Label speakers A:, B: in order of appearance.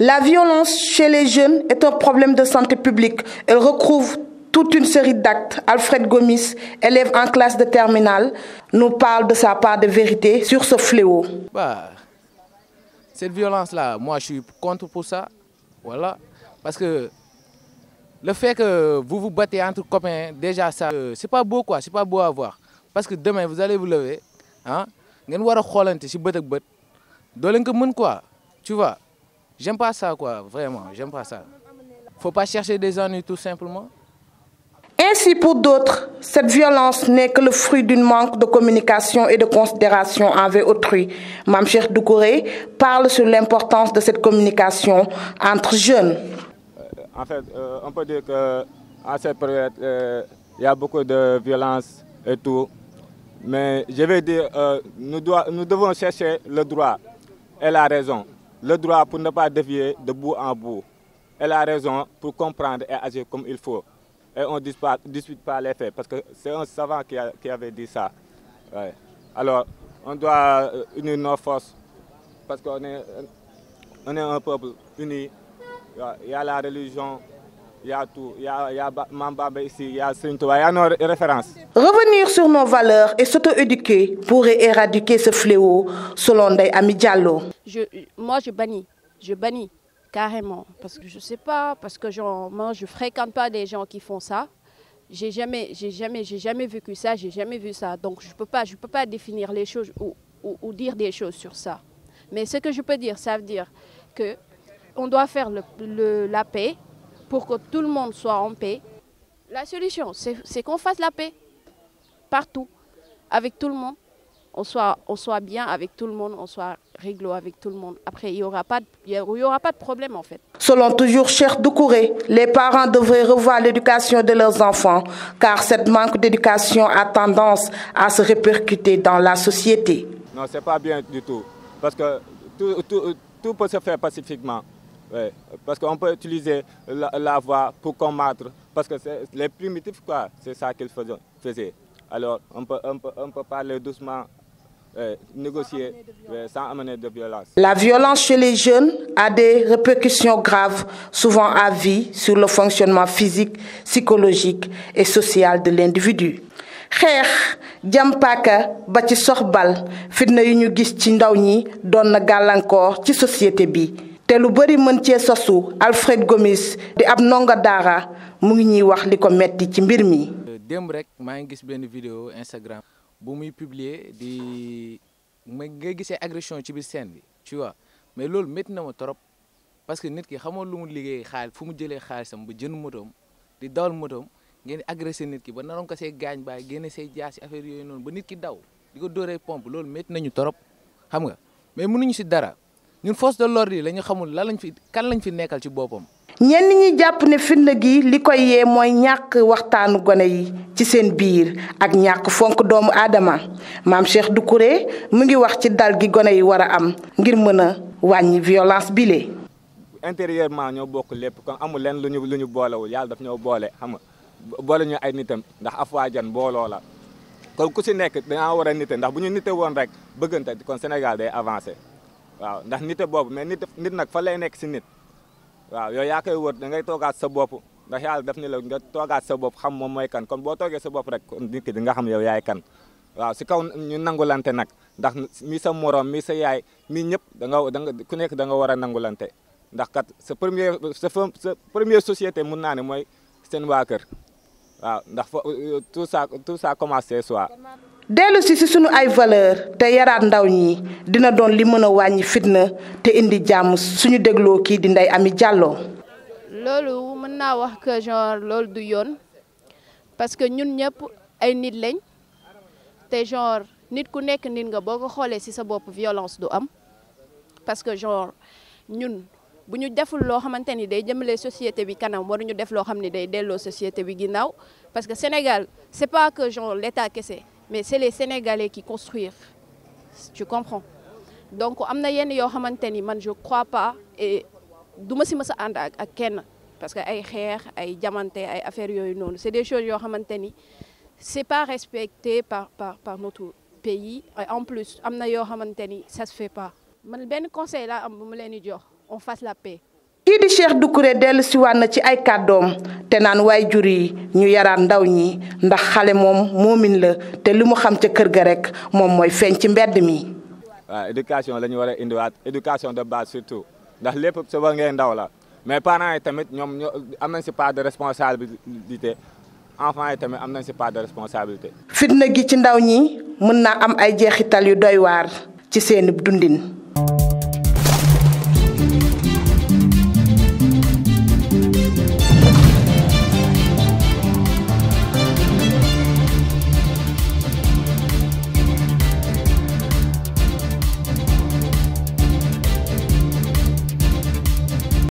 A: La violence chez les jeunes est un problème de santé publique. Elle recouvre toute une série d'actes. Alfred Gomis, élève en classe de terminale, nous parle de sa part de vérité sur ce
B: fléau. Bah, cette violence-là, moi je suis contre pour ça. Voilà. Parce que le fait que vous vous battez entre copains, déjà ça, euh, c'est pas beau quoi, c'est pas beau à voir. Parce que demain vous allez vous lever, hein, vous allez vous vous allez vous quoi, tu vois. J'aime pas ça, quoi, vraiment, j'aime pas ça. Faut pas chercher des ennuis tout simplement.
A: Ainsi, pour d'autres, cette violence n'est que le fruit d'un manque de communication et de considération envers autrui. Mamcher Doukouré parle sur l'importance de cette communication entre jeunes.
C: Euh, en fait, euh, on peut dire qu'à cette période, euh, il y a beaucoup de violence et tout. Mais je veux dire, nous, nous devons chercher le droit et la raison le droit pour ne pas dévier de bout en bout Elle a raison pour comprendre et agir comme il faut. Et on ne dispute pas les faits, parce que c'est un savant qui, avait dit ça. Alors, on doit euh, unir nos forces, parce qu'on est, on est un peuple uni. Il y a la religion, il y a tout, il y a, ici, il y a Sintoua, il y a nos références.
A: Revenir sur nos valeurs et s'auto-éduquer pourrait éradiquer ce fléau, selon Day
D: moi, je bannis, je bannis carrément, parce que je ne sais pas, parce que moi, je ne fréquente pas des gens qui font ça. J'ai jamais, jamais, j'ai jamais vécu ça, j'ai jamais vu ça. Donc je peux pas, je peux pas définir les choses ou, dire des choses sur ça. Mais ce que je peux dire, ça veut dire que on doit faire le, la paix pour que tout le monde soit en paix. La solution, c'est qu'on fasse la paix partout, avec tout le monde. On soit, on soit bien avec tout le monde, on soit réglo avec tout le monde. Après, il n'y aura, pas de, aura pas de problème en fait.
A: Selon toujours Cher Doucouré, les parents devraient revoir l'éducation de leurs enfants, car cette manque d'éducation a tendance à se répercuter dans la société.
C: Non, ce n'est pas bien du tout, parce que tout peut se faire pacifiquement parce qu'on peut utiliser la, voix pour combattre, parce que c'est les primitifs, quoi, c'est ça qu'ils faisaient. Alors, on peut, peut, parler doucement, négocier sans amener, de violence.
A: La violence chez les jeunes a des répercussions graves, souvent à vie, sur le fonctionnement physique, psychologique et social de l'individu. société bi te lu bëri mën cee sosu Alfred Gomis di ab ndongo daara mu ngi ñuy wax li ko metti ci mbir mi.
B: démb rek maa ngi gis benn vidéo Instagram bu muy publier di ma nga gisee agression ci biir scène bi tu vois mais loolu métti na ma trop parce que nit ki xamoo lu mu liggéey xaalis fu mu jëlee xaalisam ba jënd motoom di dawal motoom ngeen agressé nit ki ba naroon ko see gaañ baay génne say jaasi affaire yooyu noonu ba nit ki daw di ko dóoree pompe loolu métti nañu trop xam nga mais mënuñu si dara. ñun force de l'ordre yi la ñu xamul lan lañ fi kan lañ fi nekkal ci boppam.
A: ñeen ñi jàpp ne fitna gi li koy yee mooy ñàkk waxtaanu gone yi ci seen biir ak ñàkk fonk doomu aadama maam du Doucouré mu ngi wax ci dal gi gone yi war a am ngir mën a wàññi violence bile.
C: intérieurement ñoo bokk lépp kon amul leen lu ñu lu ñu boolewul yàlla daf ñoo boole xam boole ñu ay nitam ndax afwaajan booloo la kon ku si nekk dangaa war a nite ndax bu ñu nite woon rek bëggante kon Sénégal day avancé. waaw ndax nite boobu mais nit nit nag fa lay nekk si nit waaw yow yaa koy wër da ngay toogaat sa bopp ndax yàlla def ni la nga toogaat sa bopp xam moom mooy kan kon boo toogee sa bopp rek nit ki di nga xam yow yaay kan waaw si kaw ñu nangulante nag ndax mi sa morom mi sa yaay mi ñëpp da nga da nga ku nekk da nga war a nangulante ndax kat sa premier sa sa première société mun naa ne mooy seen waa kër waaw ndax fa saa ça tout ça soi
A: dellu si si sunu ay valeur te yaraat ndaw ñi dina doon li mën a wàññi fitna te indi jàmm suñu dégloo kii di Ndeye Amy jàlloo
D: loolu mën naa wax que genre loolu du yoon parce que ñun ñëpp ay nit lañ te genre nit ku nekk nit nga boo ko xoolee si sa bopp violence du am parce que genre ñun bu ñu deful loo xamante ni day jëmale société bi kanam waruñu def loo xam ni day delloo société bi ginnaaw parce que Sénégal c'est pas que genre l'État kese. mais c'est les Sénégalais qui construisent. Tu comprends Donc, il y man je ne crois pas et je ne sais pas à Ken parce que les guerres, les diamants, les affaires, c'est des choses qui c'est pas respecté par, par, par notre pays. Et en plus, amna yo xamanteni ça se fait pas. Man ben conseil la am bu on fasse la paix.
A: kii di Cheikh Doucouré dellu siwaat na ci ay kàddoom te naan waay jur yi ñu yaraat ndaw ñi ndax xale moom moomin la te li mu xam ca kër ga rek moom mooy feeñ ci mbedd mi.
C: waaw éducation la ñu war indiwaat éducation de base surtout ndax lépp sa ndaw la mais parent yi tamit ñoom ñoo am nañ si part de responsabilité tamit am nañ si part de
A: fitna gi ci ndaw ñi mën naa am ay jeexital yu doy waar ci seeni dundin.